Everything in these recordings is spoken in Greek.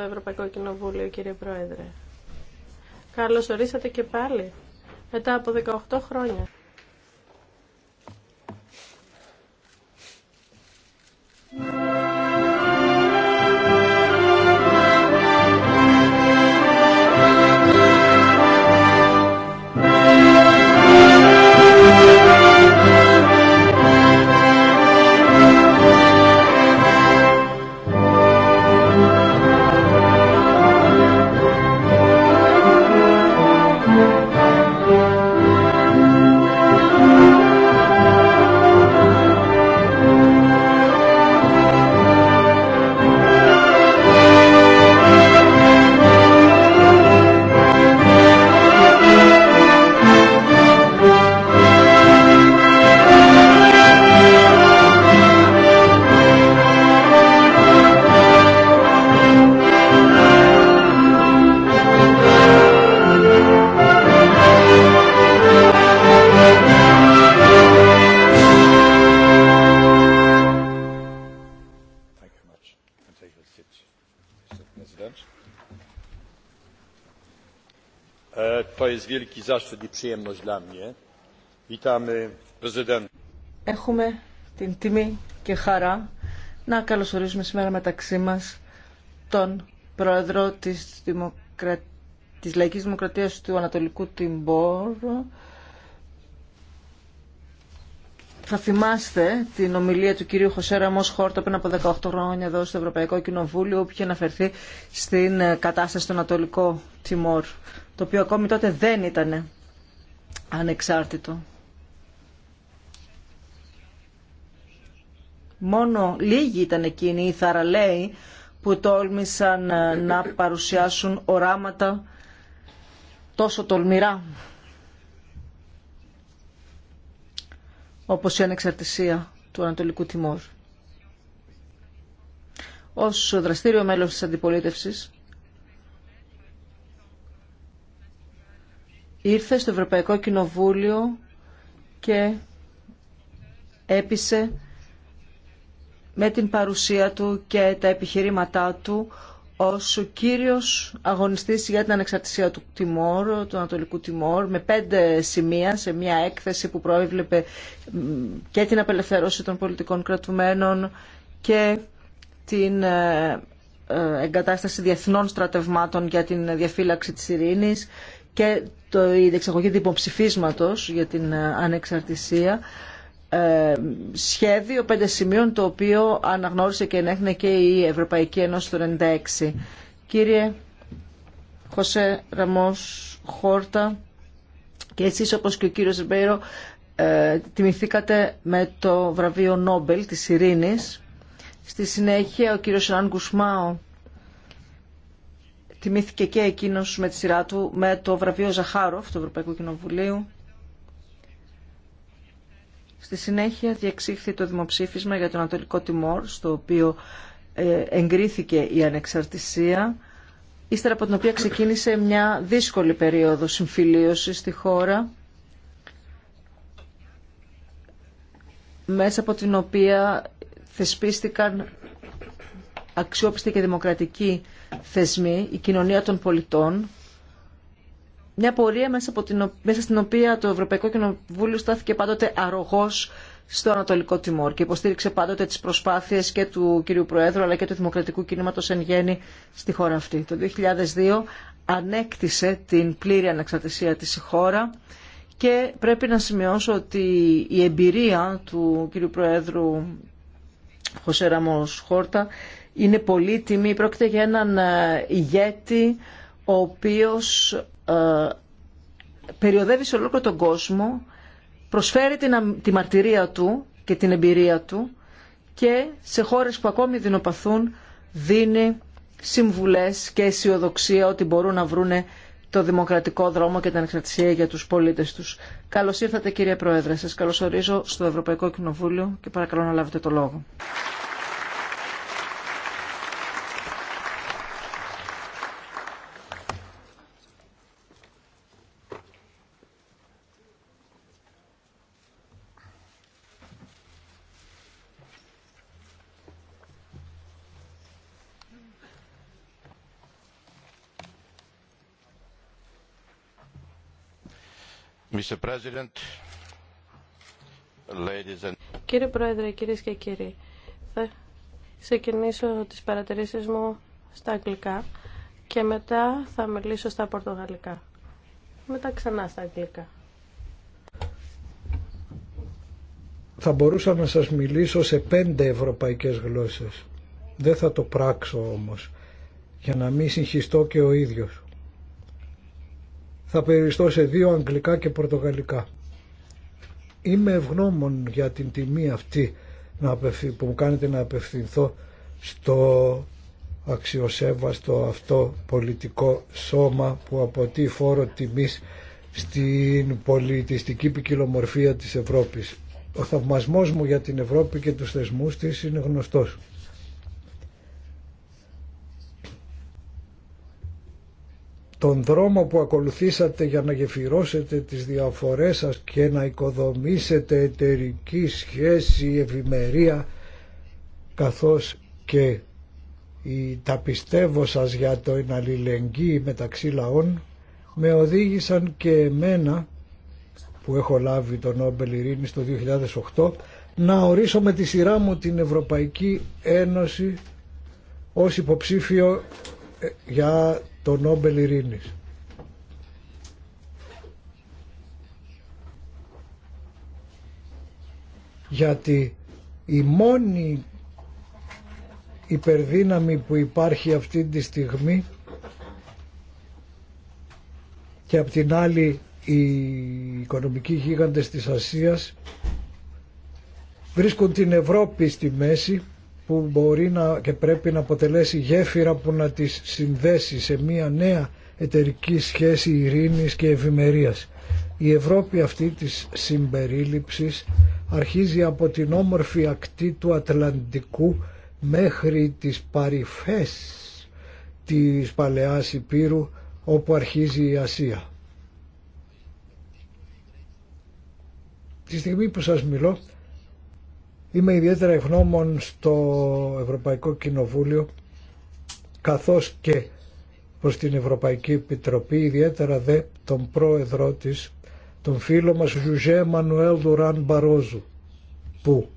Ευρωπαϊκό Κοινοβούλιο, κύριε Πρόεδρε. Καλώς ορίσατε και πάλι, μετά από 18 χρόνια. zaszczyt i przyjemność dla Έχουμε την τιμή και χαρά να καλωσορίσουμε σήμερα μεταξύ μας τον πρόεδρο τη Δημοκρα... της Λαϊκής Δημοκρατίας του Ανατολικού Τιμπόρου, θα θυμάστε την ομιλία του κυρίου Χωσέρα Μος Χόρτο πριν από 18 χρόνια εδώ στο Ευρωπαϊκό Κοινοβούλιο που είχε αναφερθεί στην ε, κατάσταση στον Ανατολικό Τιμόρ, το οποίο ακόμη τότε δεν ήταν ανεξάρτητο. Μόνο λίγοι ήταν εκείνοι οι θαραλέοι που τόλμησαν ε, να παρουσιάσουν οράματα τόσο τολμηρά όπως η ανεξαρτησία του Ανατολικού Τιμόρ. Ως δραστήριο μέλος της αντιπολίτευσης, ήρθε στο Ευρωπαϊκό Κοινοβούλιο και έπεισε με την παρουσία του και τα επιχειρήματά του ως ο κύριος αγωνιστής για την ανεξαρτησία του Τιμόρ, του Ανατολικού Τιμόρ, με πέντε σημεία σε μια έκθεση που προέβλεπε και την απελευθέρωση των πολιτικών κρατουμένων και την ε, ε, εγκατάσταση διεθνών στρατευμάτων για την διαφύλαξη της ειρήνης και το, η διεξαγωγή του υποψηφίσματος για την ε, ανεξαρτησία. Ε, σχέδιο πέντε σημείων το οποίο αναγνώρισε και ενέχνε και η Ευρωπαϊκή Ένωση το 1996. Κύριε Χωσέ Ραμός Χόρτα και εσείς όπως και ο κύριος Ριμπέιρο ε, τιμηθήκατε με το βραβείο Νόμπελ της Ειρήνης. Στη συνέχεια ο κύριος Ραν Κουσμάο τιμήθηκε και εκείνος με τη σειρά του με το βραβείο Ζαχάροφ του Ευρωπαϊκού Κοινοβουλίου Στη συνέχεια διεξήχθη το δημοψήφισμα για τον Ανατολικό Τιμόρ, στο οποίο ε, εγκρίθηκε η ανεξαρτησία, ύστερα από την οποία ξεκίνησε μια δύσκολη περίοδο συμφιλίωσης στη χώρα, μέσα από την οποία θεσπίστηκαν αξιόπιστοι και δημοκρατικοί θεσμοί, η κοινωνία των πολιτών, μια πορεία μέσα, από την, μέσα στην οποία το Ευρωπαϊκό Κοινοβούλιο στάθηκε πάντοτε αρρωγός στο Ανατολικό Τιμόρ και υποστήριξε πάντοτε τις προσπάθειες και του κυρίου Προέδρου αλλά και του Δημοκρατικού Κινήματος εν γέννη στη χώρα αυτή. Το 2002 ανέκτησε την πλήρη αναξαρτησία της η χώρα και πρέπει να σημειώσω ότι η εμπειρία του κυρίου Προέδρου Χωσέ Ραμός Χόρτα είναι πολύτιμη. Πρόκειται για έναν ε, ηγέτη ο οποίος ε, περιοδεύει σε ολόκληρο τον κόσμο, προσφέρει την, τη μαρτυρία του και την εμπειρία του και σε χώρες που ακόμη δεινοπαθούν δίνει συμβουλές και αισιοδοξία ότι μπορούν να βρούνε το δημοκρατικό δρόμο και την ανεξαρτησία για τους πολίτες τους. Καλώς ήρθατε κύριε Πρόεδρε, σας καλωσορίζω στο Ευρωπαϊκό Κοινοβούλιο και παρακαλώ να λάβετε το λόγο. Κύριε Πρόεδρε, κυρίες και κύριοι, θα ξεκινήσω τις παρατηρήσεις μου στα αγγλικά και μετά θα μιλήσω στα πορτογαλικά. Μετά ξανά στα αγγλικά. Θα μπορούσα να σας μιλήσω σε πέντε ευρωπαϊκές γλώσσες. Δεν θα το πράξω όμως, για να μην συγχυστώ και ο ίδιος θα περιστώ σε δύο αγγλικά και πορτογαλικά. Είμαι ευγνώμων για την τιμή αυτή που μου κάνετε να απευθυνθώ στο αξιοσέβαστο αυτό πολιτικό σώμα που αποτεί φόρο τιμής στην πολιτιστική ποικιλομορφία της Ευρώπης. Ο θαυμασμός μου για την Ευρώπη και τους θεσμούς της είναι γνωστός. τον δρόμο που ακολουθήσατε για να γεφυρώσετε τις διαφορές σας και να οικοδομήσετε εταιρική σχέση, ευημερία καθώς και τα πιστεύω σας για το αλληλεγγύη μεταξύ λαών με οδήγησαν και εμένα που έχω λάβει τον Νόμπελ Ειρήνης το 2008 να ορίσω με τη σειρά μου την Ευρωπαϊκή Ένωση ως υποψήφιο ε, για το Νόμπελ Ειρήνης. Γιατί η μόνη υπερδύναμη που υπάρχει αυτή τη στιγμή και απ' την άλλη οι οικονομικοί γίγαντες της Ασίας βρίσκουν την Ευρώπη στη μέση που μπορεί να και πρέπει να αποτελέσει γέφυρα που να τις συνδέσει σε μια νέα εταιρική σχέση ειρήνης και ευημερίας. Η Ευρώπη αυτή της συμπερίληψης αρχίζει από την όμορφη ακτή του Ατλαντικού μέχρι τις παρυφές της Παλαιάς Υπήρου όπου αρχίζει η Ασία. Τη στιγμή που σας μιλώ Είμαι ιδιαίτερα ευγνώμων στο Ευρωπαϊκό Κοινοβούλιο καθώς και προς την Ευρωπαϊκή Επιτροπή, ιδιαίτερα δε τον πρόεδρό της, τον φίλο μας Ζουζέ Μανουέλ Δουράν Μπαρόζου, που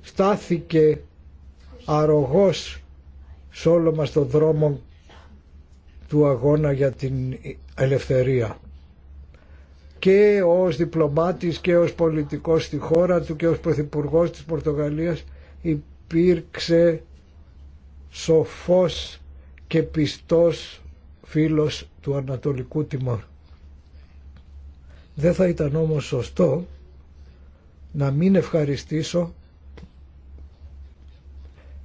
στάθηκε αρρωγός σε όλο μας τον δρόμο του αγώνα για την ελευθερία και ως διπλωμάτης και ως πολιτικός στη χώρα του και ως Πρωθυπουργό της Πορτογαλίας υπήρξε σοφός και πιστός φίλος του Ανατολικού Τιμόρ. Δεν θα ήταν όμως σωστό να μην ευχαριστήσω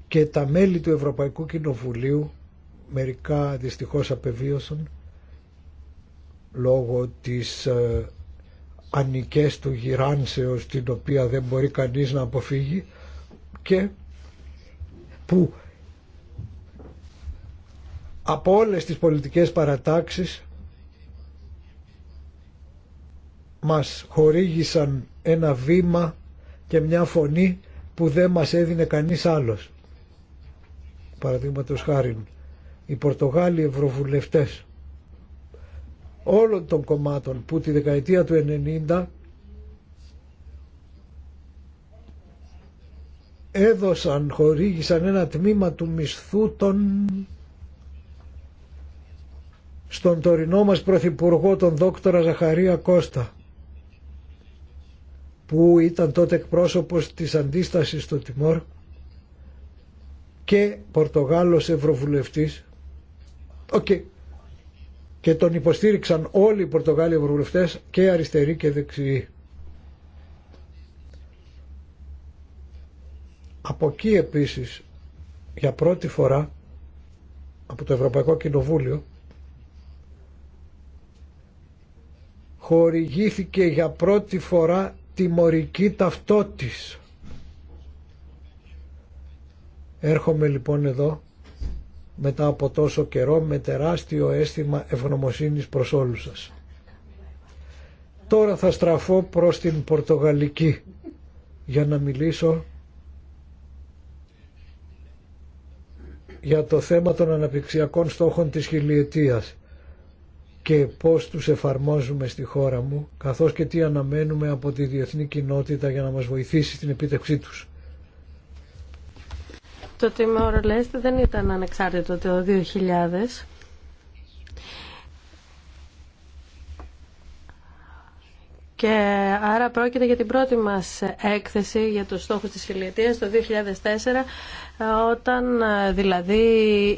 και τα μέλη του Ευρωπαϊκού Κοινοβουλίου, μερικά δυστυχώς απεβίωσαν, λόγω της ε, ανικές του γυράνσεως την οποία δεν μπορεί κανείς να αποφύγει και που από όλες τις πολιτικές παρατάξεις μας χορήγησαν ένα βήμα και μια φωνή που δεν μας έδινε κανείς άλλος. Παραδείγματος χάρη οι Πορτογάλοι ευρωβουλευτές όλων των κομμάτων που τη δεκαετία του 90 έδωσαν, χορήγησαν ένα τμήμα του μισθού των στον τωρινό μας πρωθυπουργό τον δόκτορα Ζαχαρία Κώστα που ήταν τότε εκπρόσωπος της αντίστασης στο Τιμόρ και Πορτογάλος Ευρωβουλευτής. Οκ, και τον υποστήριξαν όλοι οι Πορτογάλοι ευρωβουλευτές και αριστεροί και δεξιοί. Από εκεί επίσης για πρώτη φορά από το Ευρωπαϊκό Κοινοβούλιο χορηγήθηκε για πρώτη φορά τιμωρική ταυτότης. Έρχομαι λοιπόν εδώ μετά από τόσο καιρό με τεράστιο αίσθημα ευγνωμοσύνης προς όλους σας. Τώρα θα στραφώ προς την Πορτογαλική για να μιλήσω για το θέμα των αναπτυξιακών στόχων της χιλιετίας και πώς τους εφαρμόζουμε στη χώρα μου, καθώς και τι αναμένουμε από τη διεθνή κοινότητα για να μας βοηθήσει στην επίτευξή τους. Το τιμό ρολέστη δεν ήταν ανεξάρτητο το 2000. Και άρα πρόκειται για την πρώτη μας έκθεση για τους στόχους της χιλιετίας το 2004 όταν ε, δηλαδή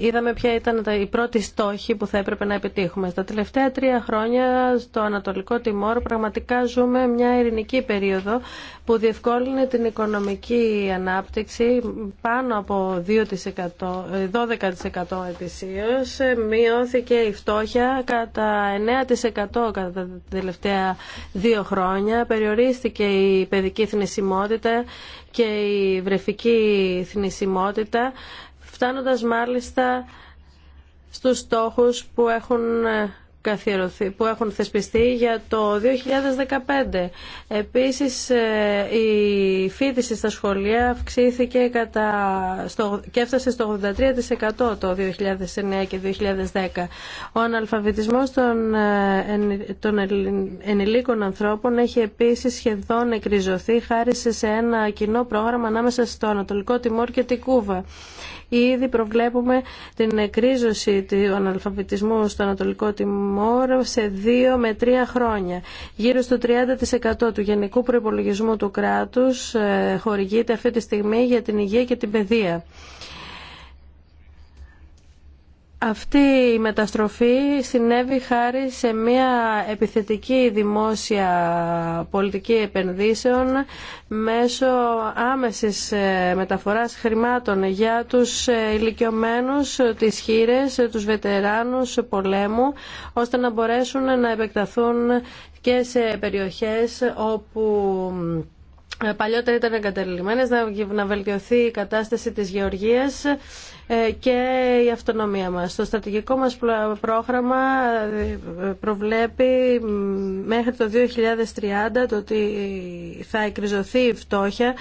είδαμε ποια ήταν τα, οι πρώτοι στόχοι που θα έπρεπε να επιτύχουμε. Στα τελευταία τρία χρόνια στο Ανατολικό Τιμόρ πραγματικά ζούμε μια ειρηνική περίοδο που διευκόλυνε την οικονομική ανάπτυξη πάνω από 2%, 12% ε, ετησίως. Ε, μειώθηκε η φτώχεια κατά 9% κατά τα τελευταία δύο χρόνια. Περιορίστηκε η παιδική θνησιμότητα και η βρεφική θνησιμότητα κοινότητα, φτάνοντας μάλιστα στους στόχους που έχουν ε, καθιερωθεί, που έχουν θεσπιστεί για το 2015. Επίσης ε, η φίτηση στα σχολεία αυξήθηκε κατά, στο, και έφτασε στο 83% το 2009 και 2010. Ο αναλφαβητισμός των, ε, των ενηλίκων ανθρώπων έχει επίσης σχεδόν εκριζωθεί χάρη σε ένα κοινό πρόγραμμα ανάμεσα στο Ανατολικό Τιμόρ και την Κούβα. Ήδη προβλέπουμε την εκρίζωση του αναλφαβητισμού στο Ανατολικό Τιμόρ σε δύο με τρία χρόνια. Γύρω στο 30% του γενικού προπολογισμού του κράτους ε, χορηγείται αυτή τη στιγμή για την υγεία και την παιδεία. Αυτή η μεταστροφή συνέβη χάρη σε μια επιθετική δημόσια πολιτική επενδύσεων μέσω άμεσης ε, μεταφοράς χρημάτων για τους ε, ηλικιωμένους, τις χείρες, τους βετεράνους πολέμου, ώστε να μπορέσουν να επεκταθούν και σε περιοχές όπου ε, παλιότερα ήταν εγκαταλειμμένες, να βελτιωθεί η κατάσταση της γεωργίας ε, και η αυτονομία μας. Το στρατηγικό μας πρόγραμμα ε, προβλέπει μέχρι το 2030 το ότι θα εκριζωθεί η φτώχεια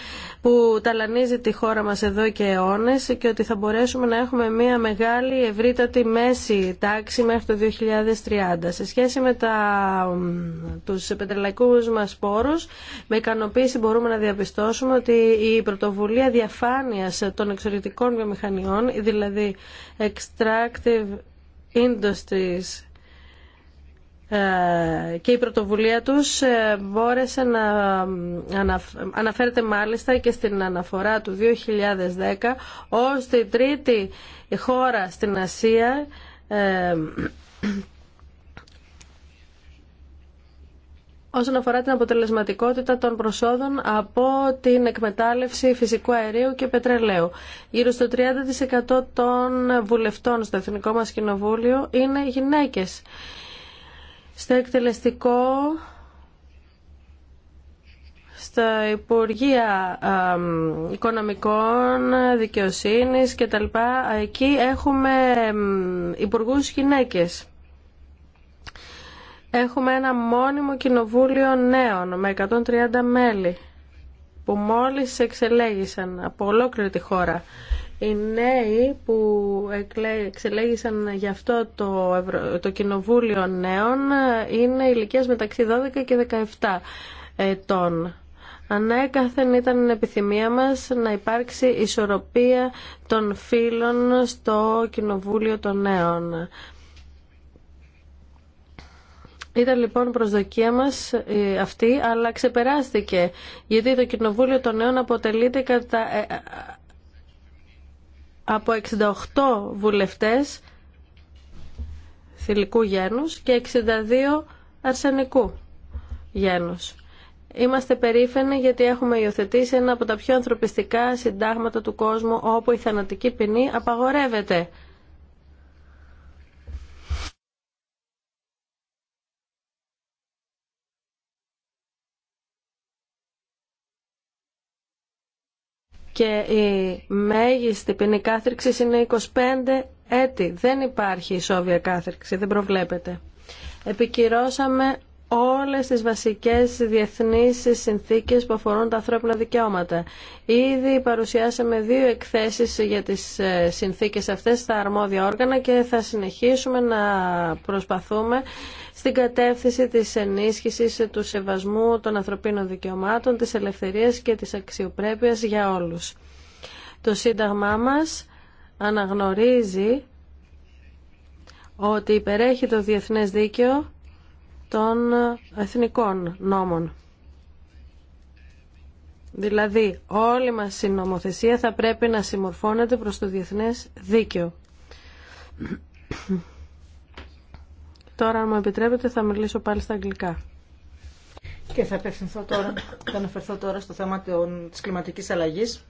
που ταλανίζει τη χώρα μας εδώ και αιώνες και ότι θα μπορέσουμε να έχουμε μια μεγάλη ευρύτατη μέση τάξη μέχρι το 2030. Σε σχέση με τα, τους πετρελαϊκούς μας πόρους, με ικανοποίηση μπορούμε να διαπιστώσουμε ότι η πρωτοβουλία διαφάνειας των εξωτερικών βιομηχανιών, δηλαδή Extractive Industries ε, και η πρωτοβουλία τους ε, μπόρεσε να αναφέρεται μάλιστα και στην αναφορά του 2010 ως τη τρίτη χώρα στην Ασία ε, όσον αφορά την αποτελεσματικότητα των προσόδων από την εκμετάλλευση φυσικού αερίου και πετρελαίου. Γύρω στο 30% των βουλευτών στο Εθνικό μας Κοινοβούλιο είναι γυναίκες στο εκτελεστικό στα Υπουργεία Οικονομικών, Δικαιοσύνης και τα λοιπά, εκεί έχουμε υπουργού γυναίκες. Έχουμε ένα μόνιμο κοινοβούλιο νέων με 130 μέλη που μόλις εξελέγησαν από ολόκληρη τη χώρα οι νέοι που εξελέγησαν γι' αυτό το, το Κοινοβούλιο Νέων είναι ηλικίας μεταξύ 12 και 17 ετών. Ανέκαθεν ήταν επιθυμία μας να υπάρξει ισορροπία των φίλων στο Κοινοβούλιο των Νέων. Ήταν λοιπόν προσδοκία μας ε, αυτή, αλλά ξεπεράστηκε, γιατί το Κοινοβούλιο των Νέων αποτελείται κατά ε, από 68 βουλευτές θηλυκού γένους και 62 αρσενικού γένους. Είμαστε περήφανοι γιατί έχουμε υιοθετήσει ένα από τα πιο ανθρωπιστικά συντάγματα του κόσμου όπου η θανατική ποινή απαγορεύεται. και η μέγιστη ποινή κάθριξη είναι 25 έτη. Δεν υπάρχει ισόβια κάθριξη, δεν προβλέπεται. Επικυρώσαμε όλες τις βασικές διεθνείς συνθήκες που αφορούν τα ανθρώπινα δικαιώματα. Ήδη παρουσιάσαμε δύο εκθέσεις για τις ε, συνθήκες αυτές στα αρμόδια όργανα και θα συνεχίσουμε να προσπαθούμε στην κατεύθυνση της ενίσχυσης του σεβασμού των ανθρωπίνων δικαιωμάτων, της ελευθερίας και της αξιοπρέπειας για όλους. Το Σύνταγμά μας αναγνωρίζει ότι υπερέχει το διεθνές δίκαιο των εθνικών νόμων. Δηλαδή, όλη μας η νομοθεσία θα πρέπει να συμμορφώνεται προς το διεθνές δίκαιο. Τώρα, αν μου επιτρέπετε, θα μιλήσω πάλι στα αγγλικά. Και θα απευθυνθώ τώρα, θα αναφερθώ τώρα στο θέμα της κλιματικής αλλαγής.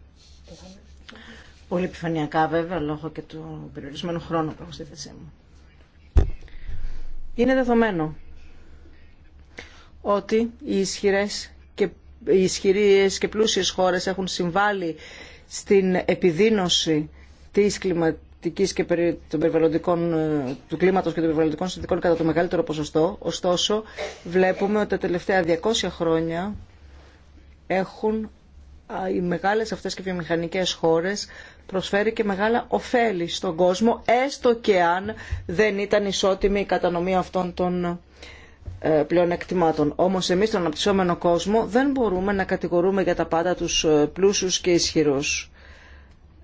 Πολύ επιφανειακά βέβαια, λόγω και του περιορισμένου χρόνου που έχω στη θέση μου. Είναι δεδομένο ότι οι ισχυρές και οι ισχυρίες και πλούσιες χώρες έχουν συμβάλει στην επιδείνωση της κλιματικής και των περιβαλλοντικών, ε, του κλίματος και των περιβαλλοντικών συνθήκων κατά το μεγαλύτερο ποσοστό. Ωστόσο, βλέπουμε ότι τα τελευταία 200 χρόνια έχουν οι μεγάλες αυτές και βιομηχανικές χώρες προσφέρει και μεγάλα ωφέλη στον κόσμο, έστω και αν δεν ήταν ισότιμη η κατανομή αυτών των ε, εκτιμάτων. Όμως εμείς στον αναπτυσσόμενο κόσμο δεν μπορούμε να κατηγορούμε για τα πάντα τους ε, πλούσιους και ισχυρούς.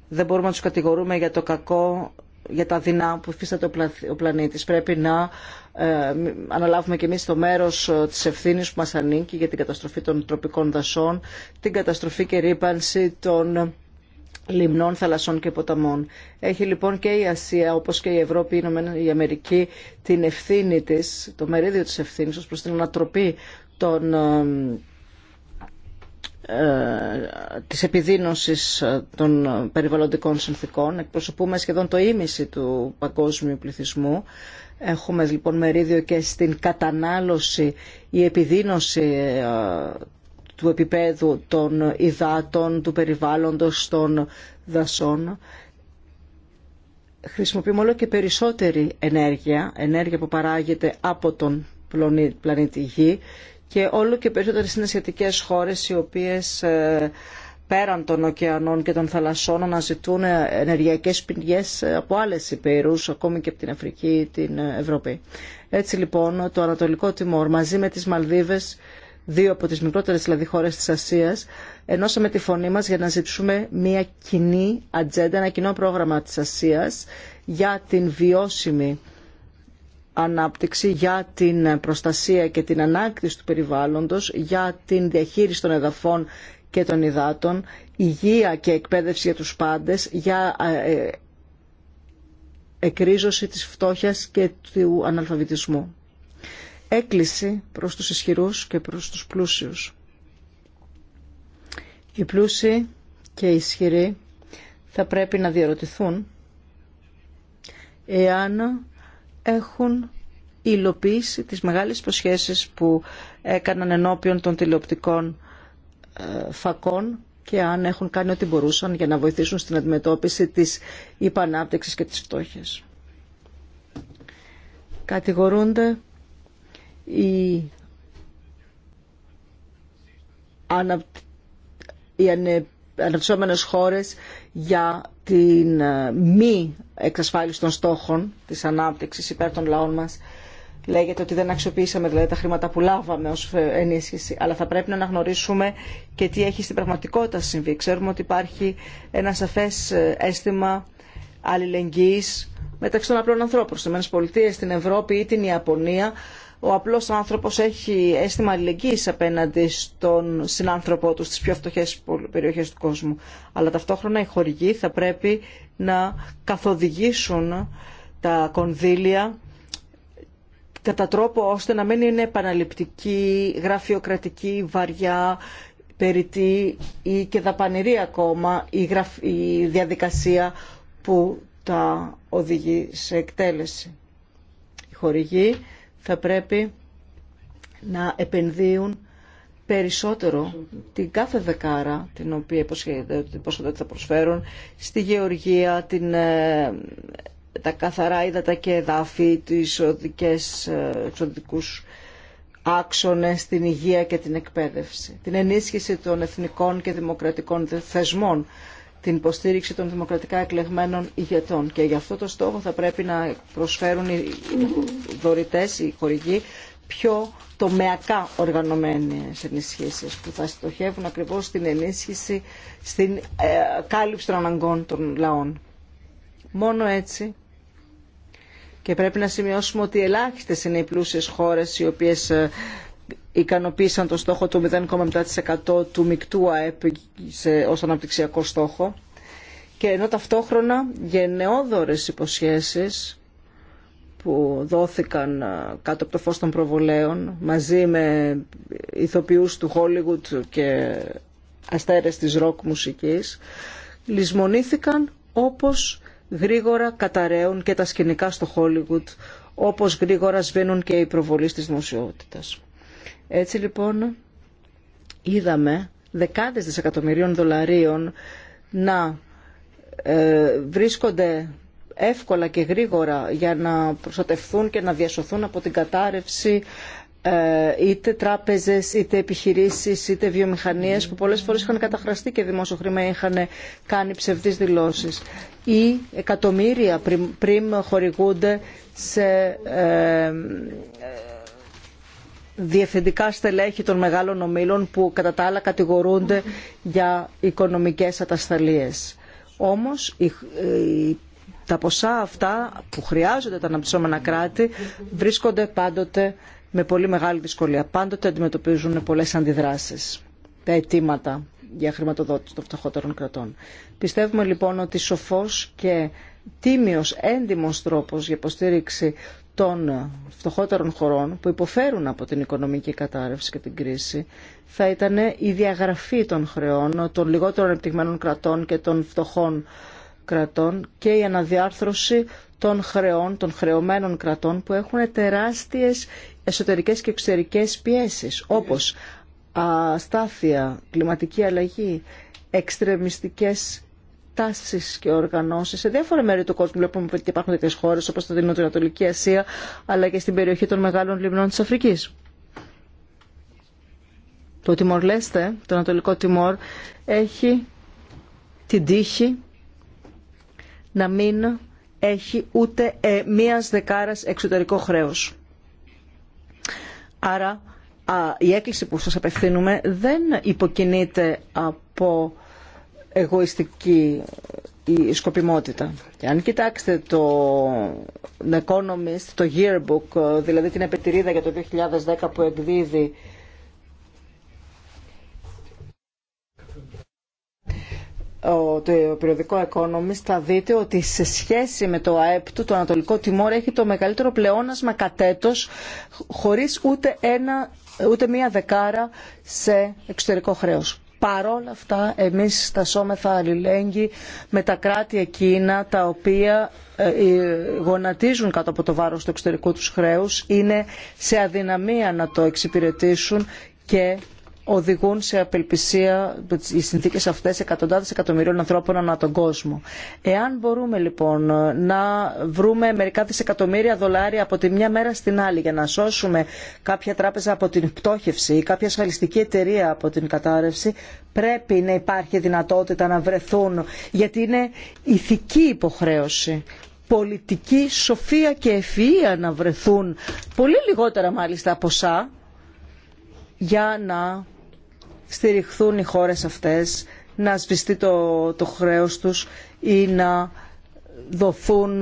Δεν μπορούμε να τους κατηγορούμε για το κακό, για τα δεινά που υφίσταται ο πλανήτης. Πρέπει να ε, αναλάβουμε και εμείς το μέρος της ευθύνης που μας ανήκει για την καταστροφή των τροπικών δασών, την καταστροφή και ρήπανση των λιμνών, θαλασσών και ποταμών. Έχει λοιπόν και η Ασία, όπως και η Ευρώπη, η Αμερική, την ευθύνη της, το μερίδιο της ευθύνης ως προς την ανατροπή των, ε, ε της επιδείνωσης ε, των περιβαλλοντικών συνθήκων. Εκπροσωπούμε σχεδόν το ίμιση του παγκόσμιου πληθυσμού. Έχουμε λοιπόν μερίδιο και στην κατανάλωση, η επιδείνωση ε, του επίπεδου των υδάτων, του περιβάλλοντος, των δασών. Χρησιμοποιούμε όλο και περισσότερη ενέργεια, ενέργεια που παράγεται από τον πλανήτη Γη και όλο και περισσότερες είναι σχετικές χώρες οι οποίες ε, πέραν των ωκεανών και των θαλασσών αναζητούν ε, ενεργειακές πηγές ε, από άλλες υπήρους, ακόμη και από την Αφρική ή την Ευρώπη. Έτσι λοιπόν το Ανατολικό Τιμόρ μαζί με τις Μαλδίβες δύο από τις μικρότερες δηλαδή χώρες της Ασίας, ενώσαμε τη φωνή μας για να ζητήσουμε μια κοινή ατζέντα, ένα κοινό πρόγραμμα της Ασίας για την βιώσιμη ανάπτυξη, για την προστασία και την ανάκτηση του περιβάλλοντος, για την διαχείριση των εδαφών και των υδάτων, υγεία και εκπαίδευση για τους πάντες, για ε, ε, εκρίζωση της φτώχειας και του αναλφαβητισμού έκκληση προς τους ισχυρούς και προς τους πλούσιους. Οι πλούσιοι και οι ισχυροί θα πρέπει να διαρωτηθούν εάν έχουν υλοποιήσει τις μεγάλες προσχέσεις που έκαναν ενώπιον των τηλεοπτικών ε, φακών και αν έχουν κάνει ό,τι μπορούσαν για να βοηθήσουν στην αντιμετώπιση της υπανάπτυξης και της φτώχειας. Κατηγορούνται η, οι ανε, αναπτυσσόμενες χώρες για την ε, μη εξασφάλιση των στόχων της ανάπτυξης υπέρ των λαών μας. Λέγεται ότι δεν αξιοποιήσαμε δηλαδή τα χρήματα που λάβαμε ως ε, ενίσχυση, αλλά θα πρέπει να αναγνωρίσουμε και τι έχει στην πραγματικότητα συμβεί. Ξέρουμε ότι υπάρχει ένα σαφές ε, αίσθημα αλληλεγγύης μεταξύ των απλών ανθρώπων. Στις ΗΠΑ, στην Ευρώπη ή την Ιαπωνία ο απλός άνθρωπος έχει αίσθημα αλληλεγγύης απέναντι στον συνάνθρωπό του στις πιο φτωχές περιοχές του κόσμου. Αλλά ταυτόχρονα οι χορηγοί θα πρέπει να καθοδηγήσουν τα κονδύλια κατά τρόπο ώστε να μην είναι επαναληπτική, γραφειοκρατική, βαριά, περιττή ή και δαπανηρή ακόμα η διαδικασία που τα οδηγεί σε εκτέλεση. Οι θα πρέπει να επενδύουν περισσότερο την κάθε δεκάρα την οποία υποσχέδεται ότι θα προσφέρουν στη γεωργία, την, ε, τα καθαρά ύδατα και εδάφη, τις οδικές, εξωτικούς άξονες, την υγεία και την εκπαίδευση, την ενίσχυση των εθνικών και δημοκρατικών θεσμών την υποστήριξη των δημοκρατικά εκλεγμένων ηγετών. Και γι' αυτό το στόχο θα πρέπει να προσφέρουν οι δωρητές, οι χορηγοί, πιο τομεακά οργανωμένες ενισχύσεις που θα στοχεύουν ακριβώς στην ενίσχυση, στην ε, κάλυψη των αναγκών των λαών. Μόνο έτσι και πρέπει να σημειώσουμε ότι ελάχιστες είναι οι πλούσιες χώρες οι οποίες ε, ικανοποίησαν το στόχο του 0,7% του μεικτού ΑΕΠ σε, ως αναπτυξιακό στόχο και ενώ ταυτόχρονα γενναιόδορες υποσχέσεις που δόθηκαν κάτω από το φως των προβολέων μαζί με ηθοποιούς του Χόλιγουτ και αστέρες της ροκ μουσικής λησμονήθηκαν όπως γρήγορα καταραίουν και τα σκηνικά στο Χόλιγουτ όπως γρήγορα σβήνουν και οι προβολείς της δημοσιότητας. Έτσι λοιπόν είδαμε δεκάδες δισεκατομμυρίων δολαρίων να ε, βρίσκονται εύκολα και γρήγορα για να προστατευθούν και να διασωθούν από την κατάρρευση ε, είτε τράπεζες, είτε επιχειρήσεις, είτε βιομηχανίες που πολλές φορές είχαν καταχραστεί και δημόσιο χρήμα είχαν κάνει ψευδείς δηλώσεις. Ή εκατομμύρια πριν χορηγούνται σε ε, διευθυντικά στελέχη των μεγάλων ομήλων που κατά τα άλλα κατηγορούνται για οικονομικές ατασταλίες. Όμως τα ποσά αυτά που χρειάζονται τα αναπτυσσόμενα κράτη βρίσκονται πάντοτε με πολύ μεγάλη δυσκολία. Πάντοτε αντιμετωπίζουν πολλές αντιδράσεις, τα αιτήματα για χρηματοδότηση των φτωχότερων κρατών. Πιστεύουμε λοιπόν ότι σοφός και τίμιος, έντιμος τρόπος για υποστήριξη των φτωχότερων χωρών που υποφέρουν από την οικονομική κατάρρευση και την κρίση θα ήταν η διαγραφή των χρεών των λιγότερων επιτυγμένων κρατών και των φτωχών κρατών και η αναδιάρθρωση των χρεών, των χρεωμένων κρατών που έχουν τεράστιες εσωτερικές και εξωτερικές πιέσεις όπως αστάθεια, κλιματική αλλαγή, εξτρεμιστικές τάσει και οργανώσει σε διάφορα μέρη του κόσμου. Βλέπουμε ότι υπάρχουν τέτοιε χώρε όπω το Ανατολική Ασία, αλλά και στην περιοχή των μεγάλων λιμνών τη Αφρική. Το Τιμόρ Λέστε, το Ανατολικό Τιμόρ, έχει την τύχη να μην έχει ούτε ε, μίας δεκάρας εξωτερικό χρέος. Άρα η έκκληση που σας απευθύνουμε δεν υποκινείται από εγωιστική η σκοπιμότητα. Και αν κοιτάξετε το Economist, το Yearbook, δηλαδή την επιτηρίδα για το 2010 που εκδίδει το περιοδικό Economist θα δείτε ότι σε σχέση με το ΑΕΠ του το Ανατολικό Τιμόρ έχει το μεγαλύτερο πλεόνασμα κατέτος χωρίς ούτε, ένα, ούτε μία δεκάρα σε εξωτερικό χρέος παρόλα αυτά εμείς στασόμεθα αλληλέγγυοι με τα κράτη εκείνα τα οποία ε, ε, γονατίζουν κάτω από το βάρος του εξωτερικού τους χρέους, είναι σε αδυναμία να το εξυπηρετήσουν και οδηγούν σε απελπισία οι συνθήκε αυτές εκατοντάδες εκατομμυρίων ανθρώπων ανά τον κόσμο. Εάν μπορούμε λοιπόν να βρούμε μερικά δισεκατομμύρια δολάρια από τη μια μέρα στην άλλη για να σώσουμε κάποια τράπεζα από την πτώχευση ή κάποια ασφαλιστική εταιρεία από την κατάρρευση, πρέπει να υπάρχει δυνατότητα να βρεθούν γιατί είναι ηθική υποχρέωση πολιτική σοφία και ευφυΐα να βρεθούν πολύ λιγότερα μάλιστα ποσά για να στηριχθούν οι χώρες αυτές, να σβηστεί το, το χρέος τους ή να, δοθούν,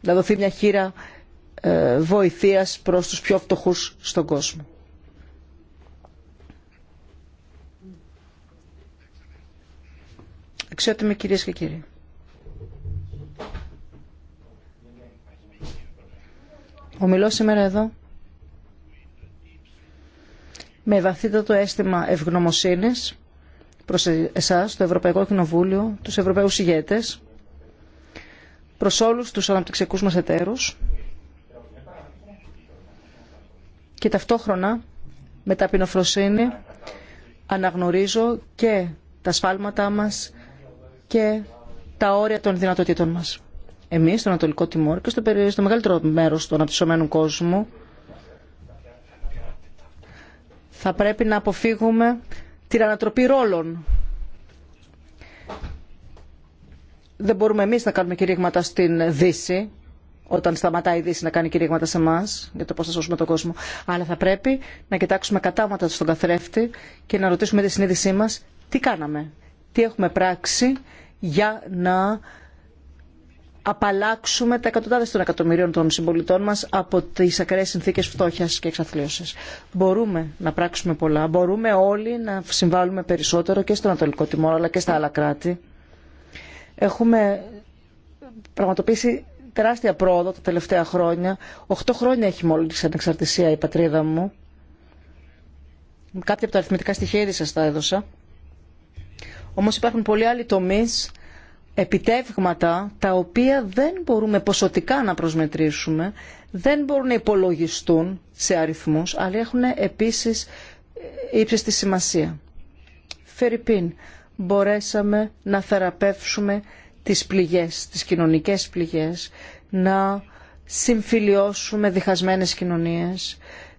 να δοθεί μια χείρα ε, βοηθείας προς τους πιο φτωχούς στον κόσμο. Αξιότιμοι κυρίες και κύριοι. Ομιλώ σήμερα εδώ με βαθύτατο αίσθημα ευγνωμοσύνης προς εσάς, το Ευρωπαϊκό Κοινοβούλιο, τους Ευρωπαίους ηγέτες, προς όλους τους αναπτυξιακούς μας εταίρους και ταυτόχρονα με ταπεινοφροσύνη αναγνωρίζω και τα σφάλματά μας και τα όρια των δυνατοτήτων μας. Εμείς, στον Ανατολικό Τιμόρ και στο, στο μεγαλύτερο μέρος του αναπτυσσομένου κόσμου, θα πρέπει να αποφύγουμε την ανατροπή ρόλων. Δεν μπορούμε εμείς να κάνουμε κηρύγματα στην Δύση, όταν σταματάει η Δύση να κάνει κηρύγματα σε εμά για το πώς θα σώσουμε τον κόσμο. Αλλά θα πρέπει να κοιτάξουμε κατάματα στον καθρέφτη και να ρωτήσουμε τη συνείδησή μας τι κάναμε, τι έχουμε πράξει για να απαλλάξουμε τα εκατοντάδες των εκατομμυρίων των συμπολιτών μα από τι ακραίε συνθήκε φτώχειας και εξαθλίωση. Μπορούμε να πράξουμε πολλά, μπορούμε όλοι να συμβάλλουμε περισσότερο και στον Ανατολικό Τιμόρ αλλά και στα άλλα κράτη. Έχουμε πραγματοποιήσει τεράστια πρόοδο τα τελευταία χρόνια. Οχτώ χρόνια έχει μόλι ανεξαρτησία η πατρίδα μου. Κάποια από τα αριθμητικά στοιχεία σα τα έδωσα. Όμω υπάρχουν πολλοί άλλοι τομεί επιτεύγματα τα οποία δεν μπορούμε ποσοτικά να προσμετρήσουμε, δεν μπορούν να υπολογιστούν σε αριθμούς, αλλά έχουν επίσης ε, ύψιστη σημασία. Φερρυπίν, μπορέσαμε να θεραπεύσουμε τις πληγές, τις κοινωνικές πληγές, να συμφιλιώσουμε διχασμένες κοινωνίες,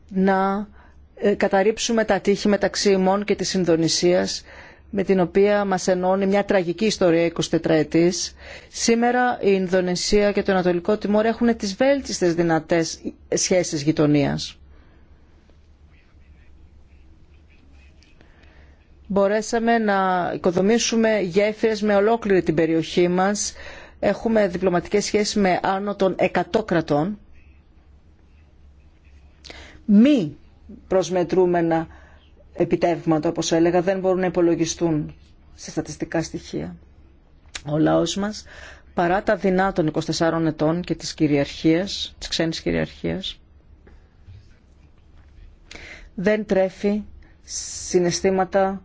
να ε, καταρρύψουμε τα τείχη μεταξύ ημών και της Ινδονησίας, με την οποία μας ενώνει μια τραγική ιστορία 24 ετής. Σήμερα η Ινδονησία και το Ανατολικό Τιμόρ έχουν τις βέλτιστες δυνατές σχέσεις γειτονίας. Μπορέσαμε να οικοδομήσουμε γέφυρες με ολόκληρη την περιοχή μας. Έχουμε διπλωματικές σχέσεις με άνω των 100 κρατών. Μη προσμετρούμενα επιτεύγματα, όπως έλεγα, δεν μπορούν να υπολογιστούν σε στατιστικά στοιχεία. Ο λαός μας, παρά τα δεινά των 24 ετών και της κυριαρχίας, της ξένης κυριαρχίας, δεν τρέφει συναισθήματα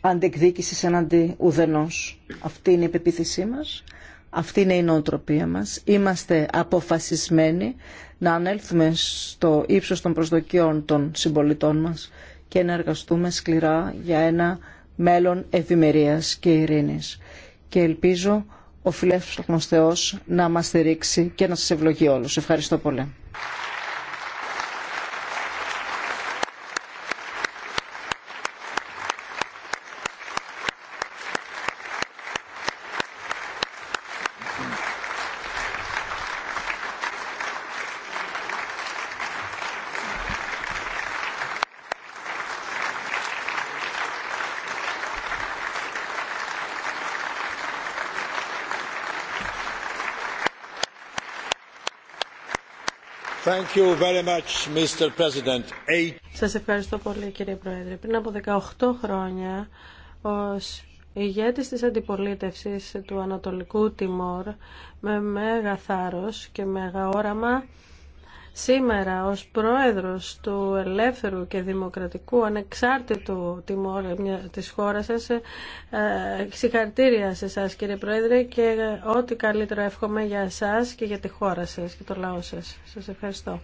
αντεκδίκησης εναντί ουδενός. Αυτή είναι η πεποίθησή μας, αυτή είναι η νοοτροπία μας. Είμαστε αποφασισμένοι να ανέλθουμε στο ύψος των προσδοκιών των συμπολιτών μας και να εργαστούμε σκληρά για ένα μέλλον ευημερία και ειρήνης. Και ελπίζω ο φιλεύθυνος Θεός να μας στηρίξει και να σας ευλογεί όλους. Ευχαριστώ πολύ. Σα Σας ευχαριστώ πολύ κύριε Πρόεδρε. Πριν από 18 χρόνια ως ηγέτης της αντιπολίτευσης του Ανατολικού Τιμόρ με μέγα και μέγα όραμα Σήμερα ως πρόεδρος του ελεύθερου και δημοκρατικού ανεξάρτητου τιμόρ της χώρας σας, ε, ε, συγχαρητήρια σε εσάς κύριε Πρόεδρε και ό,τι καλύτερο εύχομαι για εσάς και για τη χώρα σας και το λαό σας. Σας ευχαριστώ.